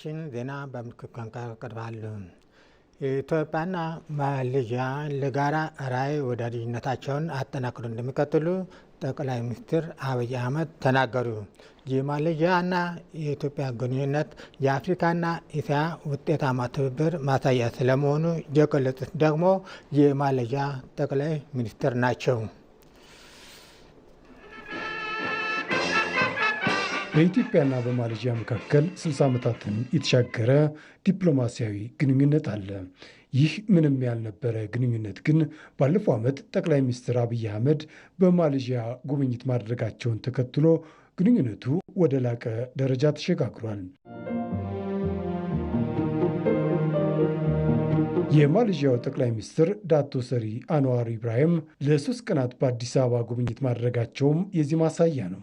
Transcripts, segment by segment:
ዜናችን ዜና በምልክት ቋንቋ ቀርባሉ። ኢትዮጵያና ማሌዥያ ለጋራ ራዕይ ወዳጅነታቸውን አጠናክሮ እንደሚቀጥሉ ጠቅላይ ሚኒስትር አብይ አህመድ ተናገሩ። የማሌዥያና የኢትዮጵያ ግንኙነት የአፍሪካና እስያ ውጤታማ ትብብር ማሳያ ስለመሆኑ የገለጹት ደግሞ የማሌዥያ ጠቅላይ ሚኒስትር ናቸው። በኢትዮጵያና በማሌዥያ መካከል 60 ዓመታትን የተሻገረ ዲፕሎማሲያዊ ግንኙነት አለ። ይህ ምንም ያልነበረ ግንኙነት ግን ባለፈው ዓመት ጠቅላይ ሚኒስትር አብይ አህመድ በማሌዥያ ጉብኝት ማድረጋቸውን ተከትሎ ግንኙነቱ ወደ ላቀ ደረጃ ተሸጋግሯል። የማሌዥያው ጠቅላይ ሚኒስትር ዳቶ ሰሪ አንዋር ኢብራሂም ለሶስት ቀናት በአዲስ አበባ ጉብኝት ማድረጋቸውም የዚህ ማሳያ ነው።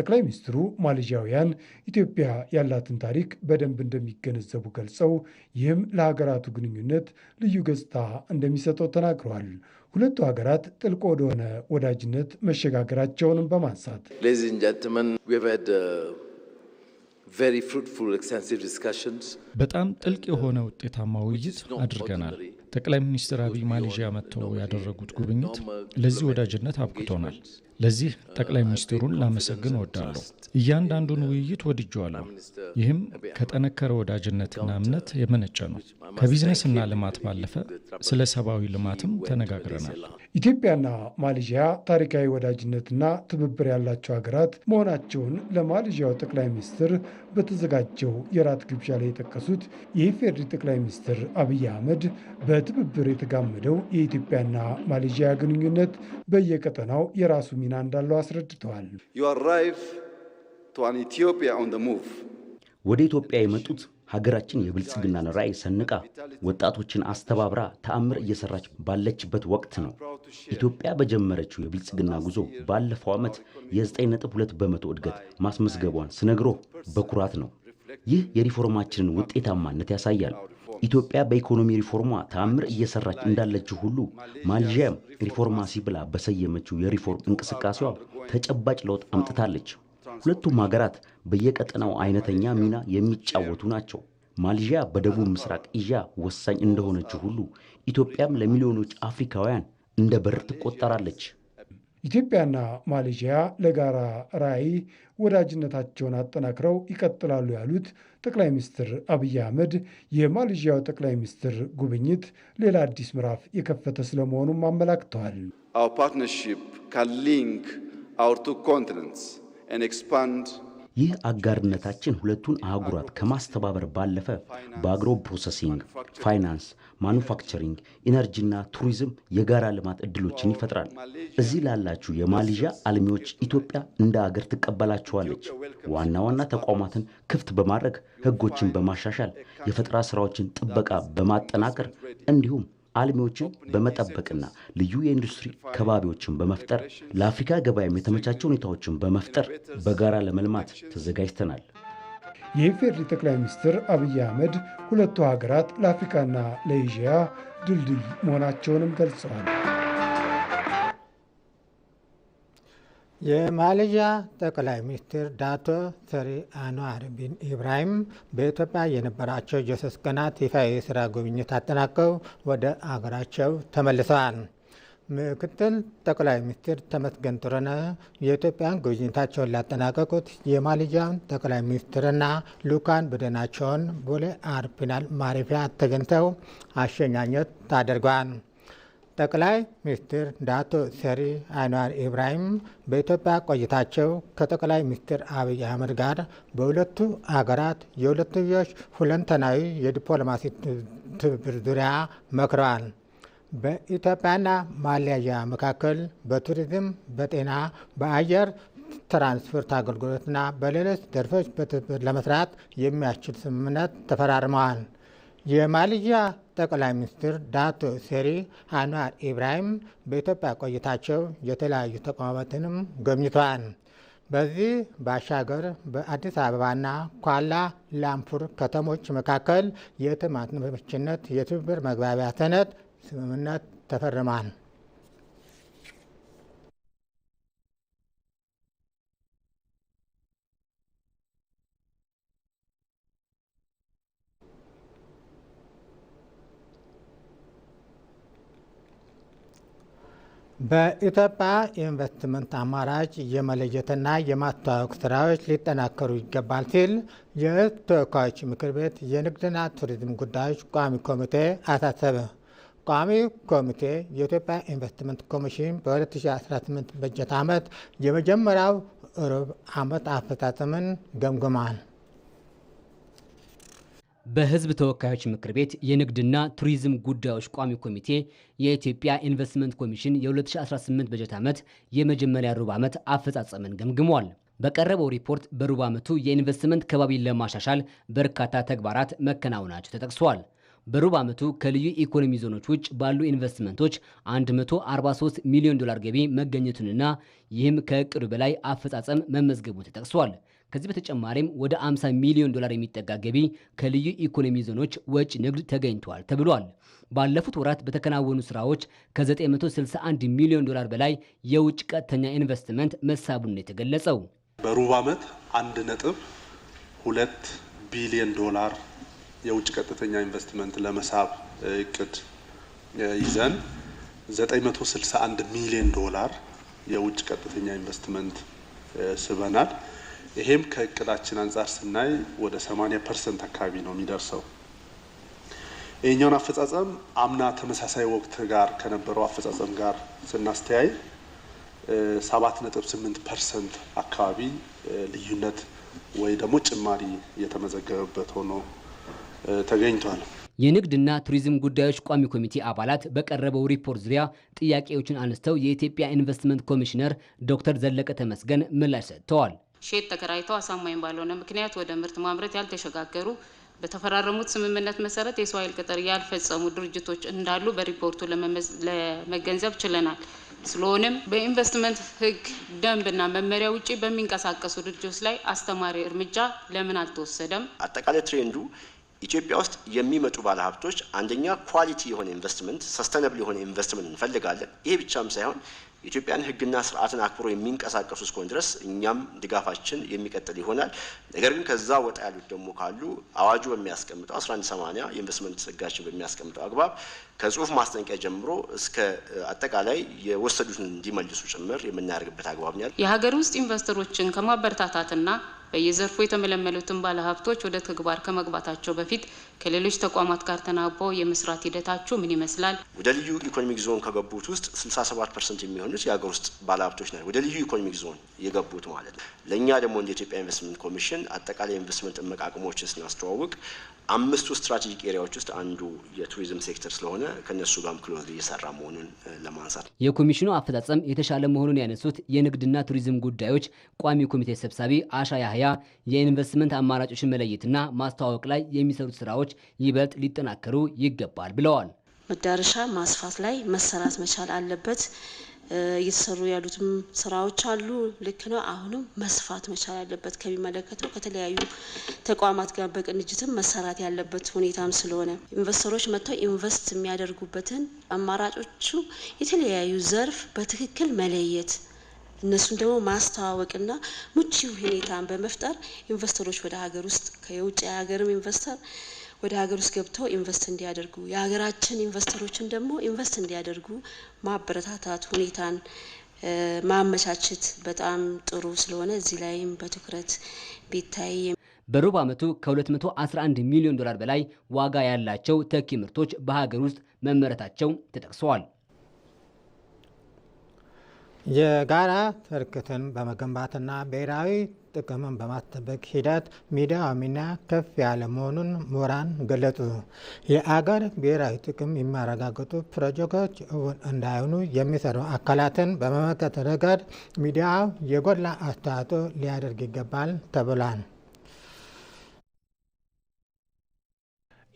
ጠቅላይ ሚኒስትሩ ማሌዥያውያን ኢትዮጵያ ያላትን ታሪክ በደንብ እንደሚገነዘቡ ገልጸው ይህም ለሀገራቱ ግንኙነት ልዩ ገጽታ እንደሚሰጠው ተናግረዋል። ሁለቱ ሀገራት ጥልቅ ወደሆነ ወዳጅነት መሸጋገራቸውንም በማንሳት uh, በጣም ጥልቅ የሆነ ውጤታማ ውይይት አድርገናል። ጠቅላይ ሚኒስትር አብይ ማሌዥያ መጥተው ያደረጉት ጉብኝት ለዚህ ወዳጅነት አብቅቶናል። ለዚህ ጠቅላይ ሚኒስትሩን ላመሰግን እወዳለሁ። እያንዳንዱን ውይይት ወድጀዋለሁ። ይህም ከጠነከረ ወዳጅነትና እምነት የመነጨ ነው። ከቢዝነስና ልማት ባለፈ ስለ ሰብአዊ ልማትም ተነጋግረናል። ኢትዮጵያና ማሌዥያ ታሪካዊ ወዳጅነትና ትብብር ያላቸው ሀገራት መሆናቸውን ለማሌዥያው ጠቅላይ ሚኒስትር በተዘጋጀው የራት ግብዣ ላይ የጠቀሱት የኢፌዴሪ ጠቅላይ ሚኒስትር አብይ አህመድ በትብብር የተጋመደው የኢትዮጵያና ማሌዥያ ግንኙነት በየቀጠናው የራሱ ሚና እንዳለው አስረድተዋል። ወደ ኢትዮጵያ የመጡት ሀገራችን የብልጽግናን ራዕይ ሰንቃ ወጣቶችን አስተባብራ ተአምር እየሰራች ባለችበት ወቅት ነው። ኢትዮጵያ በጀመረችው የብልጽግና ጉዞ ባለፈው ዓመት የ9.2 በመቶ እድገት ማስመዝገቧን ስነግሮ በኩራት ነው። ይህ የሪፎርማችንን ውጤታማነት ያሳያል። ኢትዮጵያ በኢኮኖሚ ሪፎርሟ ተአምር እየሰራች እንዳለችው ሁሉ ማልዥያም ሪፎርማሲ ብላ በሰየመችው የሪፎርም እንቅስቃሴዋ ተጨባጭ ለውጥ አምጥታለች። ሁለቱም ሀገራት በየቀጠናው አይነተኛ ሚና የሚጫወቱ ናቸው። ማልዥያ በደቡብ ምስራቅ እስያ ወሳኝ እንደሆነችው ሁሉ ኢትዮጵያም ለሚሊዮኖች አፍሪካውያን እንደ በር ትቆጠራለች። ኢትዮጵያና ማሌዥያ ለጋራ ራዕይ ወዳጅነታቸውን አጠናክረው ይቀጥላሉ ያሉት ጠቅላይ ሚኒስትር አብይ አህመድ የማሌዥያው ጠቅላይ ሚኒስትር ጉብኝት ሌላ አዲስ ምዕራፍ የከፈተ ስለመሆኑም አመላክተዋል። ፓርትነርሺፕ ካን ሊንክ አወር ይህ አጋርነታችን ሁለቱን አህጉራት ከማስተባበር ባለፈ በአግሮ ፕሮሰሲንግ፣ ፋይናንስ፣ ማኑፋክቸሪንግ፣ ኢነርጂና ቱሪዝም የጋራ ልማት እድሎችን ይፈጥራል። እዚህ ላላችሁ የማሌዥያ አልሚዎች ኢትዮጵያ እንደ አገር ትቀበላችኋለች። ዋና ዋና ተቋማትን ክፍት በማድረግ ህጎችን በማሻሻል የፈጠራ ስራዎችን ጥበቃ በማጠናከር እንዲሁም አልሚዎችን በመጠበቅና ልዩ የኢንዱስትሪ ከባቢዎችን በመፍጠር ለአፍሪካ ገበያም የተመቻቸ ሁኔታዎችን በመፍጠር በጋራ ለመልማት ተዘጋጅተናል። የኢፌዴሪ ጠቅላይ ሚኒስትር አብይ አህመድ ሁለቱ ሀገራት ለአፍሪካና ለኤዥያ ድልድይ መሆናቸውንም ገልጸዋል። የማሌዥያ ጠቅላይ ሚኒስትር ዳቶ ሰሪ አንዋር ቢን ኢብራሂም በኢትዮጵያ የነበራቸው የሶስት ቀናት ይፋ የስራ ጉብኝት አጠናቀው ወደ አገራቸው ተመልሰዋል። ምክትል ጠቅላይ ሚኒስትር ተመስገን ጥሩነህ የኢትዮጵያን ጉብኝታቸውን ላጠናቀቁት የማሌዥያን ጠቅላይ ሚኒስትርና ሉካን ቡድናቸውን ቦሌ አውሮፕላን ማረፊያ ተገኝተው አሸኛኘት አድርገዋል። ጠቅላይ ሚኒስትር ዳቶ ሰሪ አንዋር ኢብራሂም በኢትዮጵያ ቆይታቸው ከጠቅላይ ሚኒስትር አብይ አህመድ ጋር በሁለቱ አገራት የሁለትዮሽ ሁለንተናዊ የዲፕሎማሲ ትብብር ዙሪያ መክረዋል። በኢትዮጵያና ማሌዥያ መካከል በቱሪዝም፣ በጤና፣ በአየር ትራንስፖርት አገልግሎትና በሌሎች ዘርፎች በትብብር ለመስራት የሚያስችል ስምምነት ተፈራርመዋል። የማልያ ጠቅላይ ሚኒስትር ዳቶ ሴሪ አንዋር ኢብራሂም በኢትዮጵያ ቆይታቸው የተለያዩ ተቋማትንም ጎብኝተዋል። በዚህ ባሻገር በአዲስ አበባና ኳላ ላምፑር ከተሞች መካከል የትማት ንበችነት የትብብር መግባቢያ ሰነድ ስምምነት ተፈርሟል። በኢትዮጵያ ኢንቨስትመንት አማራጭ የመለየትና የማስተዋወቅ ስራዎች ሊጠናከሩ ይገባል ሲል የሕዝብ ተወካዮች ምክር ቤት የንግድና ቱሪዝም ጉዳዮች ቋሚ ኮሚቴ አሳሰበ። ቋሚ ኮሚቴ የኢትዮጵያ ኢንቨስትመንት ኮሚሽን በ2018 በጀት ዓመት የመጀመሪያው ሩብ ዓመት አፈጻጸምን ገምግሟል። በህዝብ ተወካዮች ምክር ቤት የንግድና ቱሪዝም ጉዳዮች ቋሚ ኮሚቴ የኢትዮጵያ ኢንቨስትመንት ኮሚሽን የ2018 በጀት ዓመት የመጀመሪያ ሩብ ዓመት አፈጻጸምን ገምግሟል። በቀረበው ሪፖርት በሩብ ዓመቱ የኢንቨስትመንት ከባቢን ለማሻሻል በርካታ ተግባራት መከናወናቸው ተጠቅሷል። በሩብ ዓመቱ ከልዩ ኢኮኖሚ ዞኖች ውጭ ባሉ ኢንቨስትመንቶች 143 ሚሊዮን ዶላር ገቢ መገኘቱንና ይህም ከእቅዱ በላይ አፈጻጸም መመዝገቡ ተጠቅሷል። ከዚህ በተጨማሪም ወደ 50 ሚሊዮን ዶላር የሚጠጋ ገቢ ከልዩ ኢኮኖሚ ዞኖች ወጪ ንግድ ተገኝቷል ተብሏል። ባለፉት ወራት በተከናወኑ ስራዎች ከ961 ሚሊዮን ዶላር በላይ የውጭ ቀጥተኛ ኢንቨስትመንት መሳቡን ነው የተገለጸው። በሩብ ዓመት አንድ ነጥብ ሁለት ቢሊዮን ዶላር የውጭ ቀጥተኛ ኢንቨስትመንት ለመሳብ እቅድ ይዘን 961 ሚሊዮን ዶላር የውጭ ቀጥተኛ ኢንቨስትመንት ስበናል። ይሄም ከእቅዳችን አንጻር ስናይ ወደ 80 ፐርሰንት አካባቢ ነው የሚደርሰው። ይህኛውን አፈጻጸም አምና ተመሳሳይ ወቅት ጋር ከነበረው አፈጻጸም ጋር ስናስተያይ 7.8 ፐርሰንት አካባቢ ልዩነት ወይ ደግሞ ጭማሪ የተመዘገበበት ሆኖ ተገኝቷል። የንግድና ቱሪዝም ጉዳዮች ቋሚ ኮሚቴ አባላት በቀረበው ሪፖርት ዙሪያ ጥያቄዎችን አነስተው የኢትዮጵያ ኢንቨስትመንት ኮሚሽነር ዶክተር ዘለቀ ተመስገን ምላሽ ሰጥተዋል። ሼድ ተከራይተው አሳማኝ ባልሆነ ምክንያት ወደ ምርት ማምረት ያልተሸጋገሩ በተፈራረሙት ስምምነት መሰረት የሰው ኃይል ቅጥር ያልፈጸሙ ድርጅቶች እንዳሉ በሪፖርቱ ለመገንዘብ ችለናል። ስለሆነም በኢንቨስትመንት ህግ ደንብና መመሪያ ውጪ በሚንቀሳቀሱ ድርጅቶች ላይ አስተማሪ እርምጃ ለምን አልተወሰደም? አጠቃላይ ትሬንዱ ኢትዮጵያ ውስጥ የሚመጡ ባለሀብቶች አንደኛ ኳሊቲ የሆነ ኢንቨስትመንት፣ ሰስተነብል የሆነ ኢንቨስትመንት እንፈልጋለን። ይሄ ብቻም ሳይሆን ኢትዮጵያን ህግና ስርዓትን አክብሮ የሚንቀሳቀሱ እስከሆነ ድረስ እኛም ድጋፋችን የሚቀጥል ይሆናል። ነገር ግን ከዛ ወጣ ያሉት ደግሞ ካሉ አዋጁ በሚያስቀምጠው 1180 የኢንቨስትመንት ሕጋችን በሚያስቀምጠው አግባብ ከጽሁፍ ማስጠንቂያ ጀምሮ እስከ አጠቃላይ የወሰዱትን እንዲመልሱ ጭምር የምናደርግበት አግባብ ነው። የሀገር ውስጥ ኢንቨስተሮችን ከማበረታታትና በየዘርፉ የተመለመሉትን ባለሀብቶች ወደ ተግባር ከመግባታቸው በፊት ከሌሎች ተቋማት ጋር ተናቦ የመስራት ሂደታችሁ ምን ይመስላል? ወደ ልዩ ኢኮኖሚክ ዞን ከገቡት ውስጥ 67 ፐርሰንት የሚሆኑት የሀገር ውስጥ ባለሀብቶች ናቸው፣ ወደ ልዩ ኢኮኖሚክ ዞን የገቡት ማለት ነው። ለእኛ ደግሞ እንደ ኢትዮጵያ ኢንቨስትመንት ኮሚሽን አጠቃላይ ኢንቨስትመንት እምቅ ስናስተዋውቅ አምስቱ ስትራቴጂክ ኤሪያዎች ውስጥ አንዱ የቱሪዝም ሴክተር ስለሆነ ከነሱ ጋርም ክሎዝ እየሰራ መሆኑን ለማንሳት የኮሚሽኑ አፈጻጸም የተሻለ መሆኑን ያነሱት የንግድና ቱሪዝም ጉዳዮች ቋሚ ኮሚቴ ሰብሳቢ አሻ ያህያ የኢንቨስትመንት አማራጮችን መለየትና ማስተዋወቅ ላይ የሚሰሩት ስራዎች ይበልጥ ሊጠናከሩ ይገባል ብለዋል። መዳረሻ ማስፋት ላይ መሰራት መቻል አለበት። እየተሰሩ ያሉትም ስራዎች አሉ። ልክ ነው። አሁንም መስፋት መቻል ያለበት ከሚመለከተው ከተለያዩ ተቋማት ጋር በቅንጅትም መሰራት ያለበት ሁኔታም ስለሆነ ኢንቨስተሮች መጥተው ኢንቨስት የሚያደርጉበትን አማራጮቹ የተለያዩ ዘርፍ በትክክል መለየት እነሱን ደግሞ ማስተዋወቅና ምቹ ሁኔታን በመፍጠር ኢንቨስተሮች ወደ ሀገር ውስጥ ከየውጭ ሀገርም ኢንቨስተር ወደ ሀገር ውስጥ ገብተው ኢንቨስት እንዲያደርጉ የሀገራችን ኢንቨስተሮችን ደግሞ ኢንቨስት እንዲያደርጉ ማበረታታት ሁኔታን ማመቻቸት በጣም ጥሩ ስለሆነ እዚህ ላይም በትኩረት ቢታይ በሩብ ዓመቱ ከ211 ሚሊዮን ዶላር በላይ ዋጋ ያላቸው ተኪ ምርቶች በሀገር ውስጥ መመረታቸው ተጠቅሰዋል። የጋራ ትርክትን በመገንባትና ብሔራዊ ጥቅምን በማስጠበቅ ሂደት ሚዲያው ሚና ከፍ ያለ መሆኑን ምሁራን ገለጹ። የአገር ብሔራዊ ጥቅም የሚያረጋግጡ ፕሮጀክቶች እውን እንዳይሆኑ የሚሰሩ አካላትን በመመከት ረገድ ሚዲያው የጎላ አስተዋጽኦ ሊያደርግ ይገባል ተብሏል።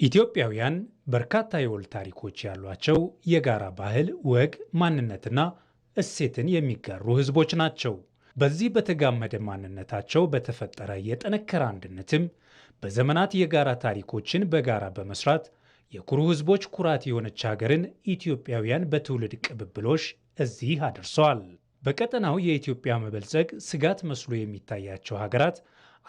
ኢትዮጵያውያን በርካታ የወል ታሪኮች ያሏቸው የጋራ ባህል፣ ወግ፣ ማንነትና እሴትን የሚጋሩ ህዝቦች ናቸው። በዚህ በተጋመደ ማንነታቸው በተፈጠረ የጠነከረ አንድነትም በዘመናት የጋራ ታሪኮችን በጋራ በመስራት የኩሩ ህዝቦች ኩራት የሆነች ሀገርን ኢትዮጵያውያን በትውልድ ቅብብሎሽ እዚህ አድርሰዋል። በቀጠናው የኢትዮጵያ መበልጸግ ስጋት መስሎ የሚታያቸው ሀገራት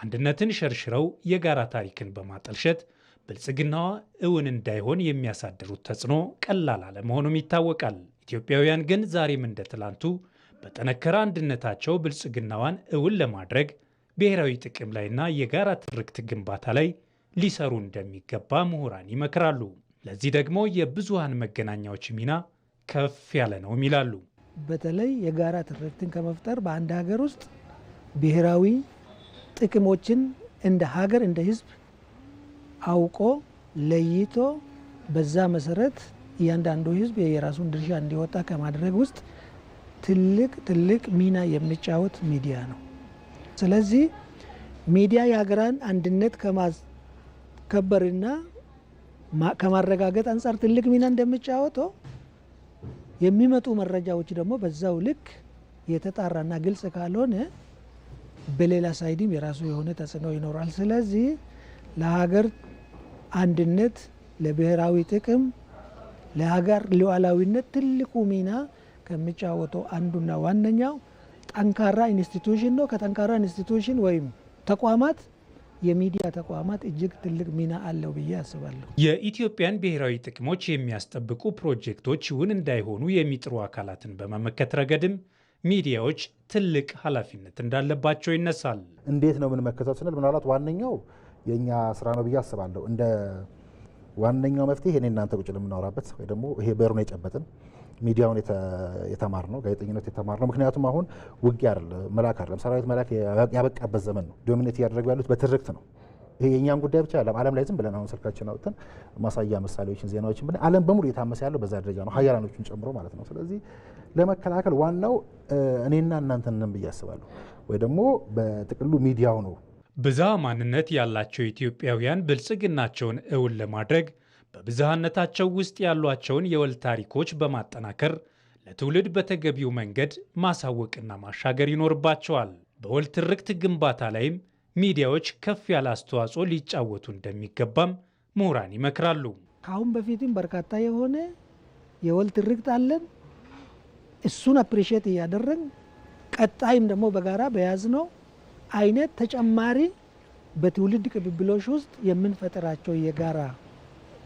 አንድነትን ሸርሽረው የጋራ ታሪክን በማጠልሸት ብልጽግናዋ እውን እንዳይሆን የሚያሳድሩት ተጽዕኖ ቀላል አለመሆኑም ይታወቃል። ኢትዮጵያውያን ግን ዛሬም እንደ ትላንቱ በጠነከረ አንድነታቸው ብልጽግናዋን እውን ለማድረግ ብሔራዊ ጥቅም ላይና የጋራ ትርክት ግንባታ ላይ ሊሰሩ እንደሚገባ ምሁራን ይመክራሉ። ለዚህ ደግሞ የብዙሃን መገናኛዎች ሚና ከፍ ያለ ነውም ይላሉ። በተለይ የጋራ ትርክትን ከመፍጠር በአንድ ሀገር ውስጥ ብሔራዊ ጥቅሞችን እንደ ሀገር እንደ ሕዝብ አውቆ ለይቶ በዛ መሰረት እያንዳንዱ ህዝብ የራሱን ድርሻ እንዲወጣ ከማድረግ ውስጥ ትልቅ ትልቅ ሚና የሚጫወት ሚዲያ ነው። ስለዚህ ሚዲያ የሀገራን አንድነት ከማስከበርና ከማረጋገጥ አንጻር ትልቅ ሚና እንደሚጫወተው የሚመጡ መረጃዎች ደግሞ በዛው ልክ የተጣራና ግልጽ ካልሆነ በሌላ ሳይድም የራሱ የሆነ ተጽዕኖ ይኖራል። ስለዚህ ለሀገር አንድነት ለብሔራዊ ጥቅም ለሀገር ሉዓላዊነት ትልቁ ሚና ከሚጫወተው አንዱና ዋነኛው ጠንካራ ኢንስቲቱሽን ነው። ከጠንካራ ኢንስቲቱሽን ወይም ተቋማት የሚዲያ ተቋማት እጅግ ትልቅ ሚና አለው ብዬ አስባለሁ። የኢትዮጵያን ብሔራዊ ጥቅሞች የሚያስጠብቁ ፕሮጀክቶች እውን እንዳይሆኑ የሚጥሩ አካላትን በመመከት ረገድም ሚዲያዎች ትልቅ ኃላፊነት እንዳለባቸው ይነሳል። እንዴት ነው የምንመከተው ስንል ምናልባት ዋነኛው የእኛ ስራ ነው ብዬ አስባለሁ እንደ ዋነኛው መፍትሄ እኔ እናንተ ቁጭ ለምናወራበት ወይ ደግሞ ይሄ በሩን የጨበጥን ሚዲያውን የተማር ነው ጋዜጠኝነት የተማር ነው። ምክንያቱም አሁን ውጊያ አይደለ መላክ አይደለም ሰራዊት መላክ ያበቃበት ዘመን ነው። ዶሚኔት እያደረጉ ያሉት በትርክት ነው። ይሄ የእኛም ጉዳይ ብቻ አለም ዓለም ላይ ዝም ብለን አሁን ስልካችን አውጥተን ማሳያ ምሳሌዎችን፣ ዜናዎችን ብለን ዓለም በሙሉ እየታመሰ ያለው በዛ ደረጃ ነው፣ ሀያላኖቹን ጨምሮ ማለት ነው። ስለዚህ ለመከላከል ዋናው እኔና እናንተን ብዬ አስባለሁ፣ ወይ ደግሞ በጥቅሉ ሚዲያው ነው ብዝሃ ማንነት ያላቸው ኢትዮጵያውያን ብልጽግናቸውን እውን ለማድረግ በብዝሃነታቸው ውስጥ ያሏቸውን የወል ታሪኮች በማጠናከር ለትውልድ በተገቢው መንገድ ማሳወቅና ማሻገር ይኖርባቸዋል። በወል ትርክት ግንባታ ላይም ሚዲያዎች ከፍ ያለ አስተዋጽኦ ሊጫወቱ እንደሚገባም ምሁራን ይመክራሉ። ከአሁን በፊትም በርካታ የሆነ የወል ትርክት አለን። እሱን አፕሪሼት እያደረግን ቀጣይም ደግሞ በጋራ በያዝ ነው አይነት ተጨማሪ በትውልድ ቅብብሎች ውስጥ የምንፈጥራቸው የጋራ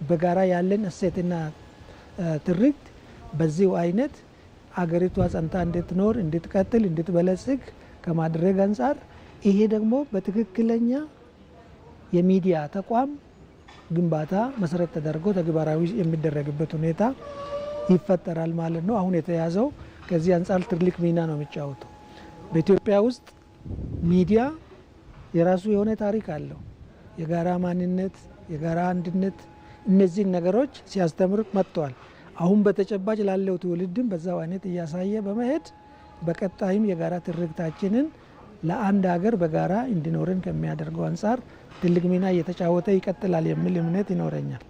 በጋራ ያለን እሴትና ትርክት በዚሁ አይነት አገሪቷ ጸንታ እንድትኖር እንድትቀጥል፣ እንድትበለጽግ ከማድረግ አንጻር ይሄ ደግሞ በትክክለኛ የሚዲያ ተቋም ግንባታ መሰረት ተደርጎ ተግባራዊ የሚደረግበት ሁኔታ ይፈጠራል ማለት ነው። አሁን የተያዘው ከዚህ አንጻር ትልቅ ሚና ነው የሚጫወተው በኢትዮጵያ ውስጥ ሚዲያ የራሱ የሆነ ታሪክ አለው። የጋራ ማንነት፣ የጋራ አንድነት እነዚህን ነገሮች ሲያስተምር መጥተዋል። አሁን በተጨባጭ ላለው ትውልድም በዛው አይነት እያሳየ በመሄድ በቀጣይም የጋራ ትርክታችንን ለአንድ ሀገር በጋራ እንዲኖረን ከሚያደርገው አንጻር ትልቅ ሚና እየተጫወተ ይቀጥላል የሚል እምነት ይኖረኛል።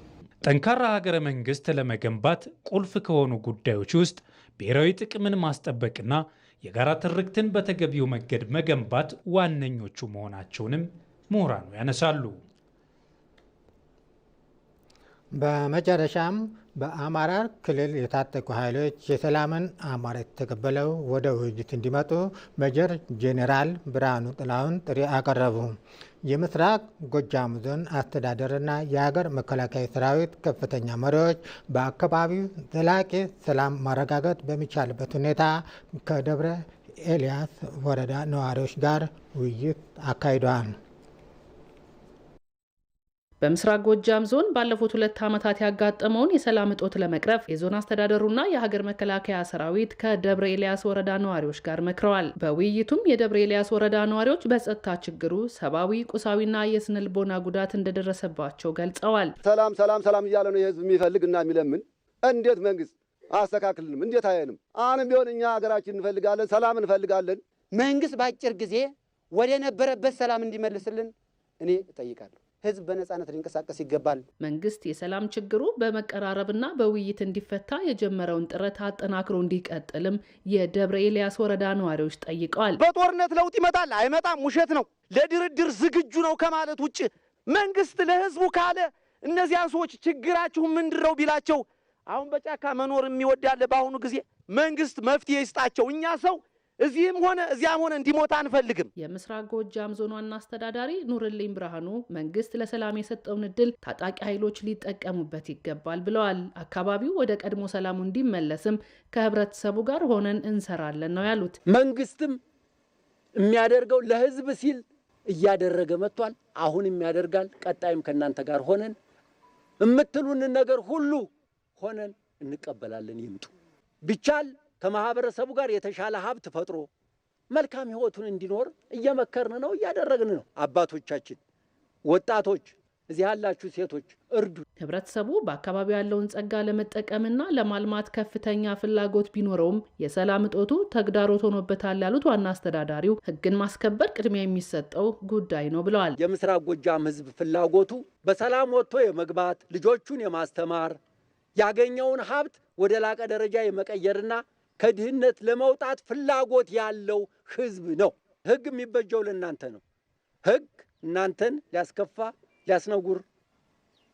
ጠንካራ ሀገረ መንግስት ለመገንባት ቁልፍ ከሆኑ ጉዳዮች ውስጥ ብሔራዊ ጥቅምን ማስጠበቅና የጋራ ትርክትን በተገቢው መንገድ መገንባት ዋነኞቹ መሆናቸውንም ምሁራኑ ያነሳሉ። በመጨረሻም በአማራ ክልል የታጠቁ ኃይሎች የሰላምን አማራ የተቀበለው ወደ ውይይት እንዲመጡ መጀር ጄኔራል ብርሃኑ ጥላሁን ጥሪ አቀረቡ። የምስራቅ ጎጃም ዞን አስተዳደርና የሀገር መከላከያ ሰራዊት ከፍተኛ መሪዎች በአካባቢው ዘላቂ ሰላም ማረጋገጥ በሚቻልበት ሁኔታ ከደብረ ኤልያስ ወረዳ ነዋሪዎች ጋር ውይይት አካሂደዋል። በምስራቅ ጎጃም ዞን ባለፉት ሁለት ዓመታት ያጋጠመውን የሰላም እጦት ለመቅረፍ የዞን አስተዳደሩና የሀገር መከላከያ ሰራዊት ከደብረ ኤልያስ ወረዳ ነዋሪዎች ጋር መክረዋል። በውይይቱም የደብረ ኤልያስ ወረዳ ነዋሪዎች በጸጥታ ችግሩ ሰብአዊ፣ ቁሳዊና የስነ ልቦና ጉዳት እንደደረሰባቸው ገልጸዋል። ሰላም ሰላም ሰላም እያለ ነው የህዝብ የሚፈልግ እና የሚለምን እንዴት መንግስት አስተካክልንም እንዴት አይንም አሁንም ቢሆን እኛ ሀገራችን እንፈልጋለን፣ ሰላም እንፈልጋለን። መንግስት በአጭር ጊዜ ወደ ነበረበት ሰላም እንዲመልስልን እኔ እጠይቃለሁ። ህዝብ በነጻነት ሊንቀሳቀስ ይገባል። መንግስት የሰላም ችግሩ በመቀራረብና በውይይት እንዲፈታ የጀመረውን ጥረት አጠናክሮ እንዲቀጥልም የደብረ ኤልያስ ወረዳ ነዋሪዎች ጠይቀዋል። በጦርነት ለውጥ ይመጣል አይመጣም ውሸት ነው፣ ለድርድር ዝግጁ ነው ከማለት ውጭ መንግስት ለህዝቡ ካለ እነዚያን ሰዎች ችግራችሁ ምንድረው ቢላቸው አሁን በጫካ መኖር የሚወዳለ በአሁኑ ጊዜ መንግስት መፍትሄ ይስጣቸው። እኛ ሰው እዚህም ሆነ እዚያም ሆነ እንዲሞታ አንፈልግም። የምስራቅ ጎጃም ዞን ዋና አስተዳዳሪ ኑርልኝ ብርሃኑ መንግስት ለሰላም የሰጠውን እድል ታጣቂ ኃይሎች ሊጠቀሙበት ይገባል ብለዋል። አካባቢው ወደ ቀድሞ ሰላሙ እንዲመለስም ከህብረተሰቡ ጋር ሆነን እንሰራለን ነው ያሉት። መንግስትም የሚያደርገው ለህዝብ ሲል እያደረገ መጥቷል። አሁንም ያደርጋል። ቀጣይም ከእናንተ ጋር ሆነን የምትሉንን ነገር ሁሉ ሆነን እንቀበላለን። ይምጡ ቢቻል ከማህበረሰቡ ጋር የተሻለ ሀብት ፈጥሮ መልካም ህይወቱን እንዲኖር እየመከርን ነው፣ እያደረግን ነው። አባቶቻችን፣ ወጣቶች፣ እዚህ ያላችሁ ሴቶች እርዱ። ህብረተሰቡ በአካባቢው ያለውን ጸጋ ለመጠቀምና ለማልማት ከፍተኛ ፍላጎት ቢኖረውም የሰላም እጦቱ ተግዳሮት ሆኖበታል ያሉት ዋና አስተዳዳሪው ህግን ማስከበር ቅድሚያ የሚሰጠው ጉዳይ ነው ብለዋል። የምስራቅ ጎጃም ህዝብ ፍላጎቱ በሰላም ወጥቶ የመግባት ልጆቹን የማስተማር ያገኘውን ሀብት ወደ ላቀ ደረጃ የመቀየርና ከድህነት ለመውጣት ፍላጎት ያለው ህዝብ ነው። ህግ የሚበጀው ለእናንተ ነው። ህግ እናንተን ሊያስከፋ ሊያስነጉር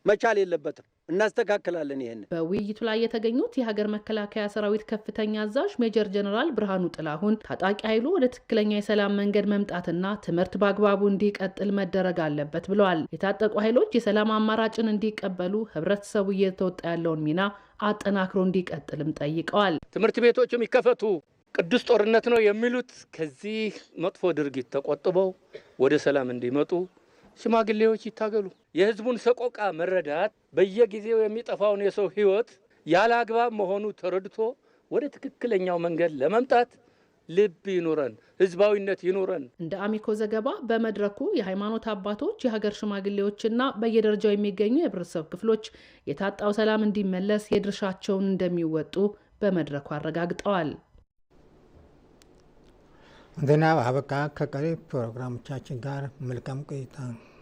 መቻል የለበትም። እናስተካክላለን። ይህን በውይይቱ ላይ የተገኙት የሀገር መከላከያ ሰራዊት ከፍተኛ አዛዥ ሜጀር ጀነራል ብርሃኑ ጥላሁን ታጣቂ ኃይሉ ወደ ትክክለኛ የሰላም መንገድ መምጣትና ትምህርት በአግባቡ እንዲቀጥል መደረግ አለበት ብለዋል። የታጠቁ ኃይሎች የሰላም አማራጭን እንዲቀበሉ ህብረተሰቡ እየተወጣ ያለውን ሚና አጠናክሮ እንዲቀጥልም ጠይቀዋል። ትምህርት ቤቶች የሚከፈቱ ቅዱስ ጦርነት ነው የሚሉት ከዚህ መጥፎ ድርጊት ተቆጥበው ወደ ሰላም እንዲመጡ ሽማግሌዎች ይታገሉ። የህዝቡን ሰቆቃ መረዳት፣ በየጊዜው የሚጠፋውን የሰው ህይወት ያለ አግባብ መሆኑ ተረድቶ ወደ ትክክለኛው መንገድ ለመምጣት ልብ ይኑረን፣ ህዝባዊነት ይኑረን። እንደ አሚኮ ዘገባ በመድረኩ የሃይማኖት አባቶች፣ የሀገር ሽማግሌዎችና በየደረጃው የሚገኙ የህብረተሰብ ክፍሎች የታጣው ሰላም እንዲመለስ የድርሻቸውን እንደሚወጡ በመድረኩ አረጋግጠዋል። भाव का खकर प्रोग्राम चाचिगार मिलकम कई तंग